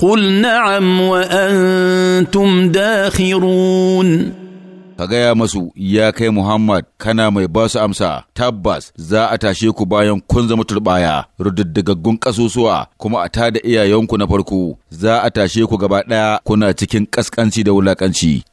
قل نعم وأنتم dahirun. ka gaya masu ya kai Muhammad kana mai basu amsa tabbas za a tashe ku bayan kun zama turbaya rududdigaggun kasusuwa kuma a tada iyayenku na farko za a tashe ku gaba ɗaya kuna cikin ƙasƙanci da wulaƙanci